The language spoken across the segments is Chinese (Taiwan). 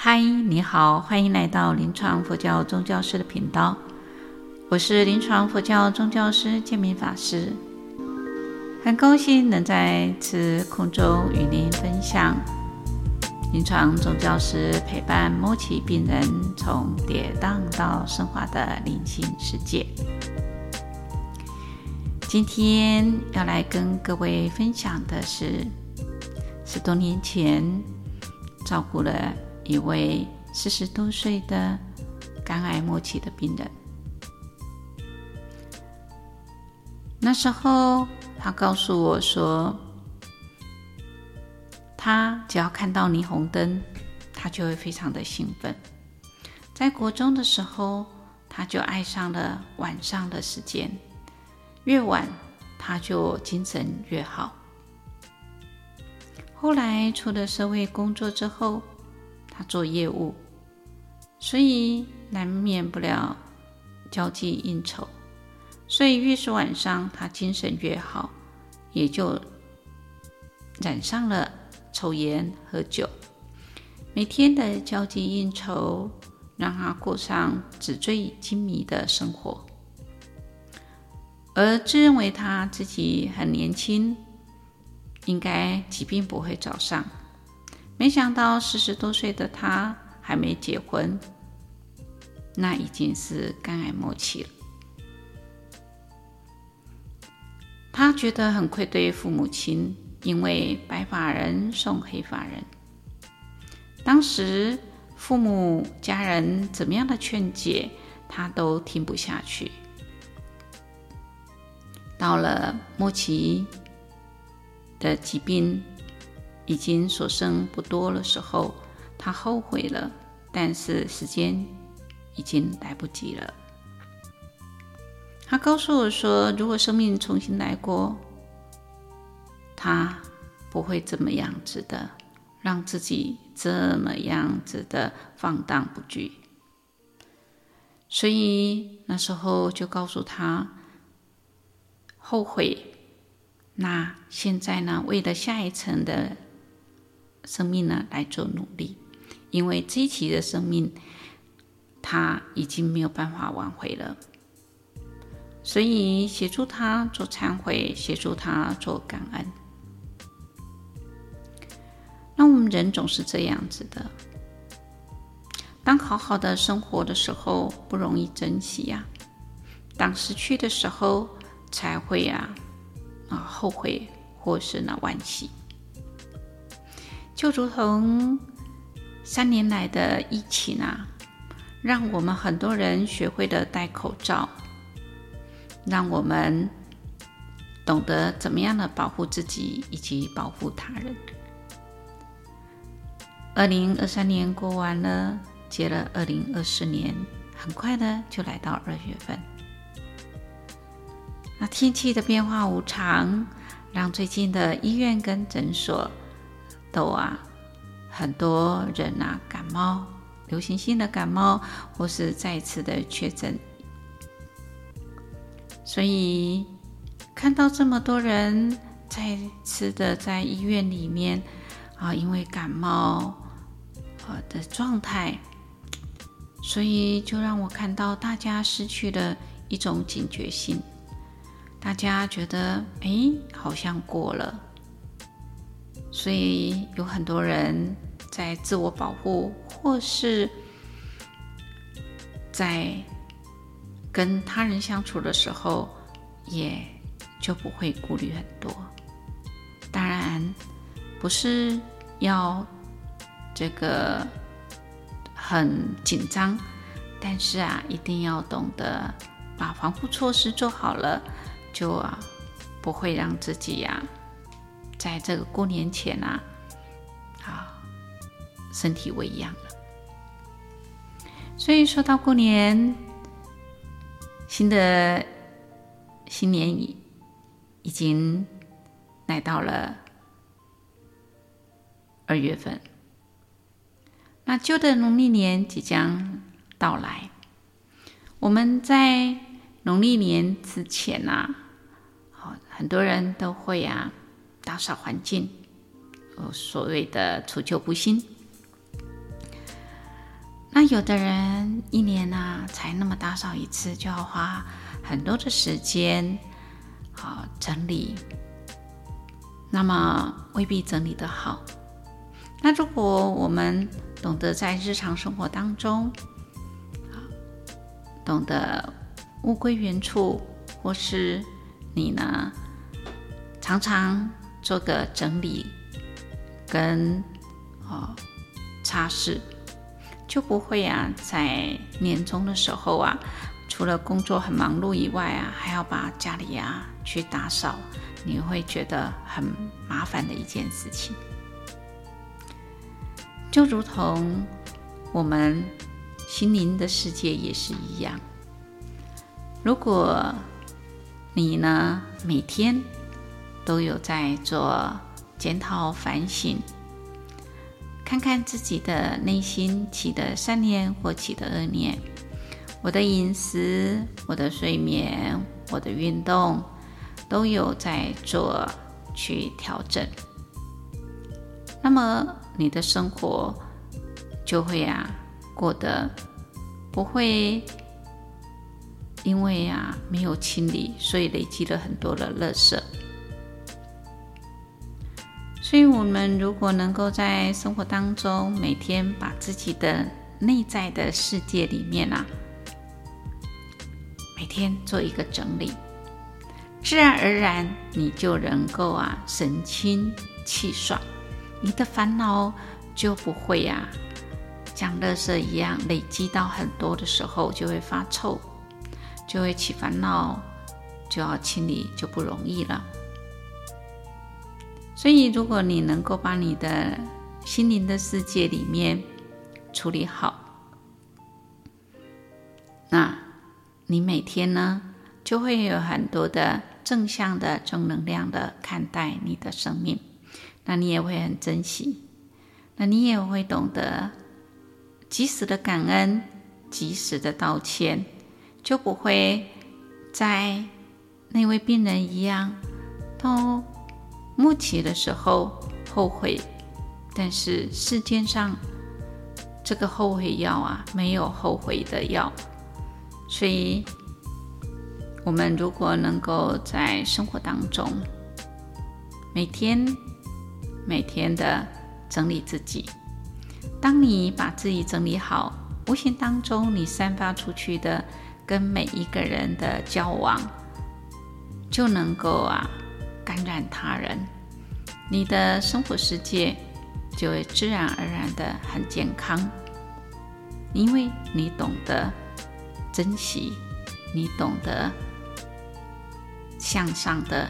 嗨，你好，歡迎來到臨床佛教宗教師的頻道。我是臨床佛教宗教師建明法師，很高興能在此空中與您分享臨床宗教師陪伴末期病人從跌宕到升華的靈性世界。今天要來跟各位分享的是十多年前照顧了。一位四十多歲的肝癌末期的病人，那時候他告訴我說，他只要看到霓虹燈，他就會非常的興奮。在國中的時候，他就愛上了晚上的時間，越晚他就精神越好。後來出了社會工作之後，他做業務，所以難免不了交際應酬，所以越是晚上，他精神越好，也就染上了抽菸喝酒。每天的交際應酬，讓他過上紙醉金迷的生活，而自認為他自己很年輕，應該疾病不會找上。沒想到四十多歲的他還沒結婚，那已經是肝癌末期了。他覺得很愧對父母親，因為白髮人送黑髮人。當時父母家人怎麼樣的勸解，他都聽不下去。到了末期的疾病。已經所剩不多的時候，他後悔了，但是時間已經來不及了。他告訴我說：“如果生命重新來過，他不會這麼樣子的，讓自己這麼樣子的放蕩不羈。”所以那時候就告訴他後悔。那現在呢？為了下一層的。生命呢，來做努力，因為自己的生命他已經沒有辦法挽迴了，所以協助他做懺悔，協助他做感恩。那我們人總是這樣子的，當好好的生活的時候不容易珍惜呀、啊，當失去的時候才會啊啊後悔或是那惋惜。就如同三年來的疫情啊，讓我們很多人學會了戴口罩，讓我們懂得怎麼樣的保護自己以及保護他人。二零二三年過完了，接了二零二四年，很快呢就來到二月份。那天氣的變化無常，讓最近的醫院跟診所。都啊，很多人啊感冒、流行性的感冒，或是再次的確診，所以看到這麼多人再次的在醫院裡面啊，因為感冒啊的狀態，所以就讓我看到大家失去了一種警覺性，大家覺得哎，好像過了。所以有很多人在自我保護，或是，在跟他人相處的時候，也就不會顧慮很多。當然，不是要這個很緊張，但是啊，一定要懂得把防護措施做好了，就啊，不會讓自己呀、啊。在這個過年前啊，啊身體微恙了。所以說到過年，新的新年已已經來到了二月份，那舊的農曆年即將到來。我們在農曆年之前啊，好，很多人都會啊。打掃環境，哦，所謂的除舊布新。那有的人一年呢，才那麼打掃一次，就要花很多的時間，啊、哦，整理，那麼未必整理的好。那如果我們懂得在日常生活當中，懂得物歸原處，或是你呢，常常。做個整理跟哦擦拭，就不會啊在年終的時候啊，除了工作很忙碌以外啊，還要把家裡啊去打掃，你會覺得很麻煩的一件事情。就如同我們心靈的世界也是一樣，如果你呢每天。都有在做檢討反省，看看自己的內心起的善念或起的惡念，我的飲食、我的睡眠、我的運動都有在做去調整，那麼你的生活就會呀、啊、過得不會因為呀、啊、沒有清理，所以累積了很多的垃圾。所以我們如果能夠在生活當中每天把自己的內在的世界裡面啊，每天做一個整理，自然而然你就能夠啊神清氣爽，你的煩惱就不會啊像垃圾一樣累積到很多的時候就會發臭，就會起煩惱，就要清理，就不容易了。所以，如果你能夠把你的心靈的世界裡面處理好，那你每天呢就會有很多的正向的、正能量的看待你的生命，那你也會很珍惜，那你也會懂得及時的感恩、及時的道歉，就不會在那位病人一樣都木起的時候後悔，但是世間上這個後悔藥啊，沒有後悔的藥。所以，我們如果能夠在生活當中，每天每天的整理自己，當你把自己整理好，無形當中你散發出去的，跟每一個人的交往，就能夠啊。感染他人，你的生活世界就會自然而然的很健康，因為你懂得珍惜，你懂得向上的，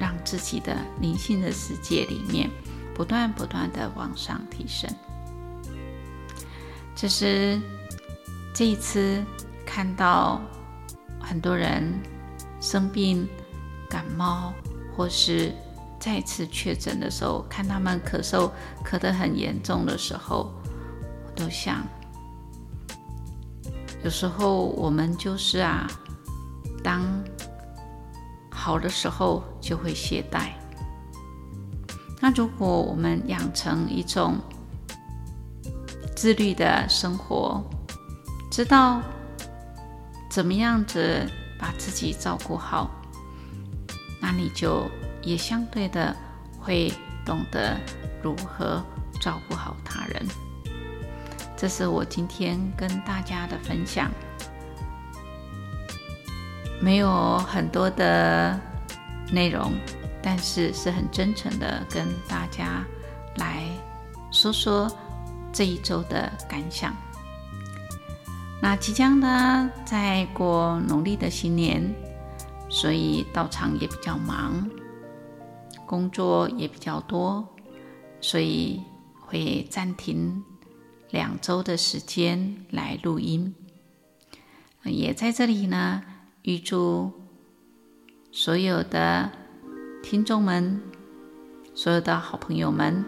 讓自己的靈性的世界裡面不斷不斷的往上提升。這是這一次看到很多人生病感冒。或是再次確診的時候，看他們咳嗽咳得很嚴重的時候，我都想，有時候我們就是啊，當好的時候就會懈怠。那如果我們養成一種自律的生活，知道怎麼樣子把自己照顧好。那你就也相對的會懂得如何照顧好他人，這是我今天跟大家的分享，沒有很多的內容，但是是很真誠的跟大家來說說這一周的感想。那即將呢，在過農曆的新年。所以道場也比較忙，工作也比較多，所以會暫停兩周的時間來錄音。也在這裡呢，預祝所有的聽眾們、所有的好朋友們，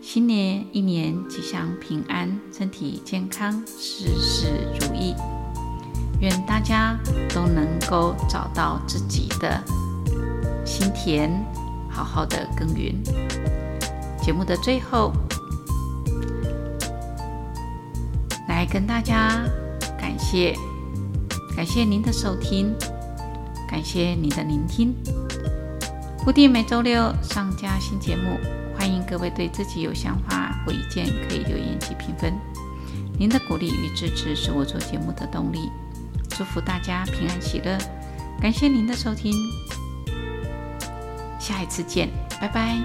新年一年吉祥平安，身體健康，事事如意。願大家都能夠找到自己的心田，好好的耕耘。節目的最後，來跟大家感謝，感謝您的收聽，感謝您的聆聽。固定每周六上架新節目，歡迎各位對自己有想法、或意見可以留言及評分。您的鼓勵與支持是我做節目的動力。祝福大家平安喜樂，感謝您的收聽，下一次見，拜拜。